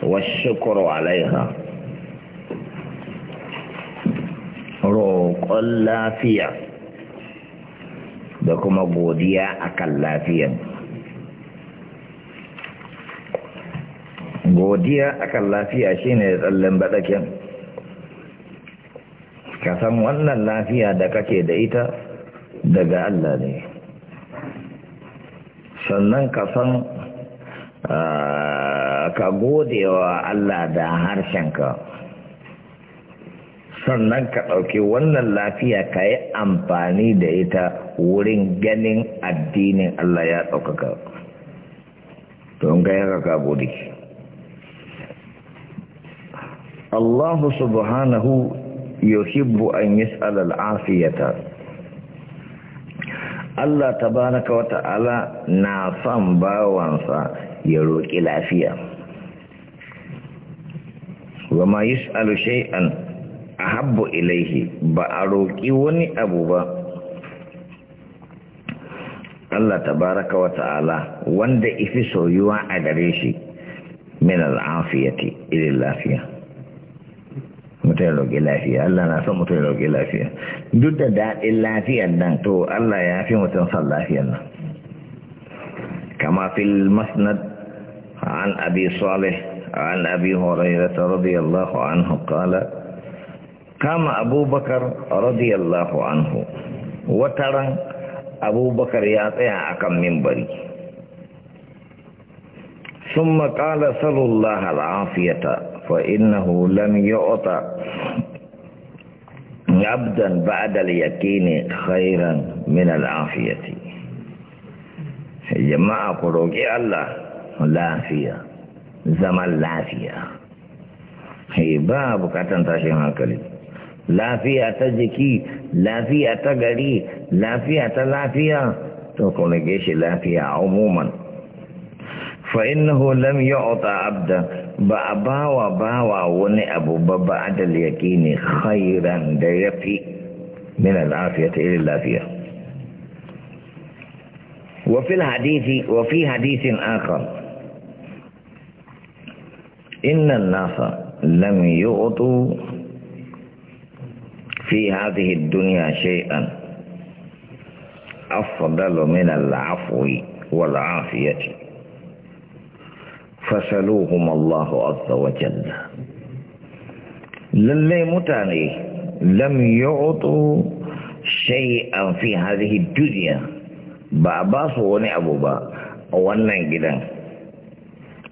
والشكر عليها roƙon lafiya da kuma godiya akan lafiyan godiya akan lafiya shine tsallen baɗaken ka san wannan lafiya da kake da ita daga Allah ne sannan kasan. Ah, ka gode wa Allah da harshen ka sannan ka ɗauki wannan lafiya ka yi amfani da ita wurin ganin addinin Allah ya ɗaukaka don ga yaka ka gode Allah subhanahu yuhibbu an yi al-afiyata Allah tabaraka waTa'ala ta'ala na son bawansa ya roƙi lafiya wa ma yus'alu a ahabbu ilaihi ba a roƙi wani abu ba Allah tabaraka waTa'ala wanda ifi soyuwa a gare shi min al'afiyati ilil lafiya mutum ya roƙi lafiya Allah na son mutum ya roƙi lafiya duk da daɗin lafiyar nan to Allah ya fi mutum son lafiyar nan kama fil masnad an abi salih an abi hurairah radiyallahu anhu qala kama abubakar radiyallahu anhu wataran abubakar ya tsaya akan mimbari ثم قال صلى الله العافيه فإنه لم يعطى عبدا بعد اليقين خيرا من العافية جماعة قروقي الله لافية زمن لافية هي باب كاتن تاشي هاكلي lafiya ta jiki lafiya ta gari lafiya ta lafiya to kuma geshi lafiya umuman fa innahu lam yu'ta abdan ba a ba wa wani abu ba ba adal yaqini khairan da yafi min al-afiyati ila lafiya wa fil hadisi wa fi hadisin akhar inna an-nasa lam yu'tu في هذه الدنيا شيئا أفضل من العفو والعافية فسلوهم الله عز وجل للمتاني لم يعطوا شيئا في هذه الدنيا بابا سواني أبو با أولا جدا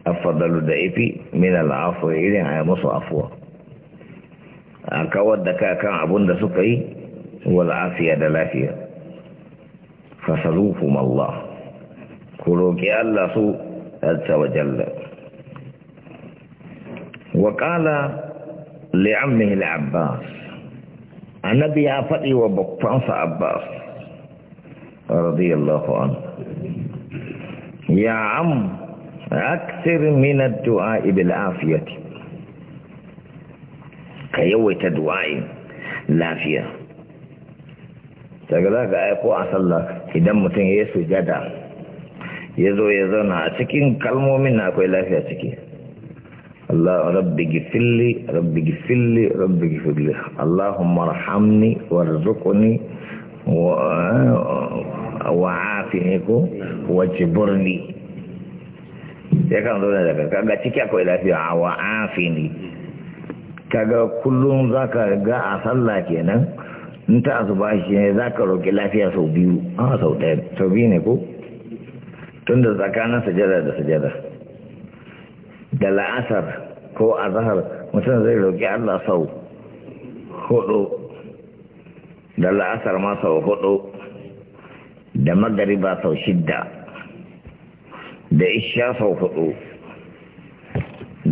أفضل دائفي من العفو إلي هاي مصر أفوه أكوى كان أبون دا والعافية دلافية فسلوهم الله كلوكي الله سوء عز وقال لعمه العباس النبي عفدي وبقفانس عباس رضي الله عنه يا عم أكثر من الدعاء بالعافية كيوي تدعائي تقول لك أيقو أصل لك إذا متن يسو جدا يزو يزونا أتكين كلمو منا أكو لافية أتكين الله رب اغفر لي رب اغفر لي رب اغفر لي اللهم ارحمني وارزقني و... وعافني واجبرني ya kan zo daga kaga ciki akwai lafiya a wa afini kaga kullum za ka ga a salla kenan in ta azuba shi ne za ka roƙi lafiya sau biyu a ah, sau ɗaya sau biyu ne ko tunda tsakanin sajada da sajada da la'asar ko a zahar mutum zai roƙi Allah sau hudu da la'asar ma sau hudu da magariba sau shidda da isha sau hudu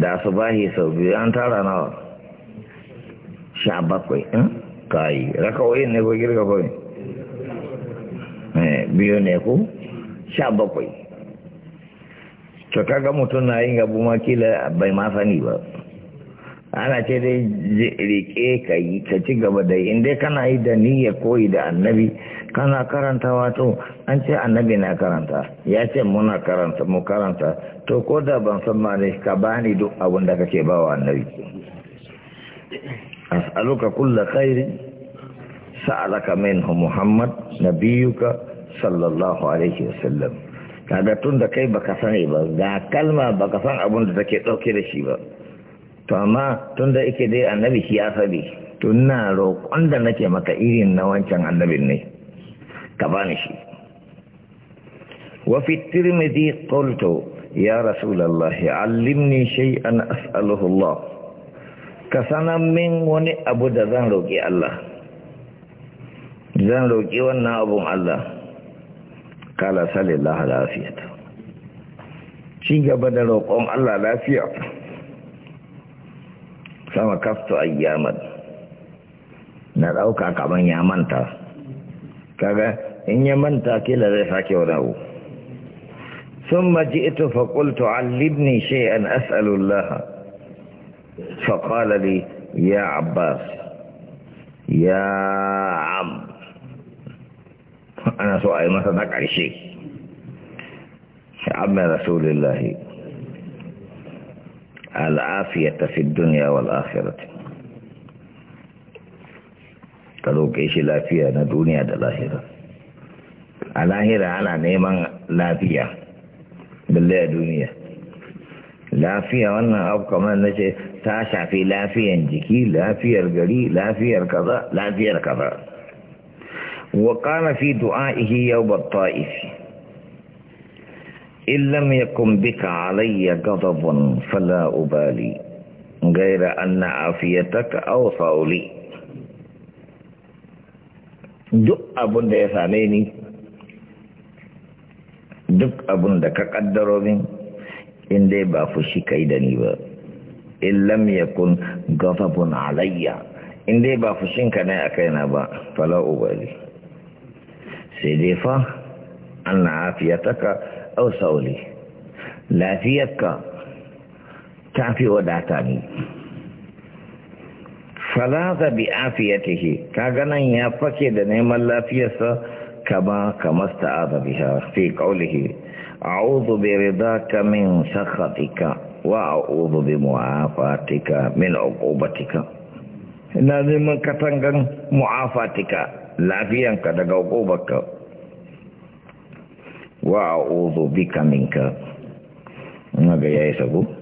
da su subahi sau biyu an tara nawa sha bakwai eh? kayi rakawai ne ko girga kawai eh, biyu ne ku sha bakwai to kaga mutum na yin gabu ma bai ma sani ba ana ce dai rike ka yi ka ci gaba da in inda kana yi da niyya koyi da annabi kana karanta wato an ce annabi na karanta ya ce muna karanta mu karanta to ko da ban san ma ne ka bani duk abin da kake ba wa annabi as'aluka kulla khairi sa'alaka minhu muhammad nabiyuka sallallahu alaihi wasallam kaga tun da kai baka sani ba ga kalma baka san abin da take dauke da shi ba to amma tun da ike dai annabi shi ya sabi tun na roƙon da nake maka irin na wancan annabin ne ka bani shi wa fi tirmidhi qultu ya rasulullah allimni shay'an as'aluhu Allah ka sanan min wani abu da zan roƙi Allah zan roƙi wannan abun Allah kala sale Allah lafiya ci gaba da roƙon Allah lafiya sama kaftu ayyaman na ɗauka kaman ya manta kaga in ya manta kila zai sake wani abu ثم جئت فقلت علمني شيئا أسأل الله فقال لي يا عباس يا عم ana so a yi masa na ƙarshe sha'abin rasulullahi al'afiyata fi duniya wal akhirati ka roƙe shi lafiya na duniya da lahira a lahira ana neman lafiya balle a duniya lafiya wannan abu kamar na ce ta shafi lafiyan jiki lafiyar gari lafiyar kaza lafiyar kaza وقام في دعائه يوم الطائف إن لم يكن بك علي غضب فلا أبالي غير أن عافيتك أوصى لي duk abun da ya same ni duk abun da ka kaddaro min in dai ba fushi kai da ni ba in lam yakun ghadabun alayya in dai ba fushinka ne a kaina ba fala ubali sai dai fa an afiyataka au sauli lafiyarka ta fi wadata ne falaza bi afiyatihi kaga nan ya fake da neman lafiyarsa kama kama sta'aza biha fi qawlihi a'udhu bi ridaka min sakhatika wa a'udhu bi mu'afatika min uqubatika ina neman katangan mu'afatika lafiyanka daga hukubarka wa a ozo bika minka ina ga ya yi sabo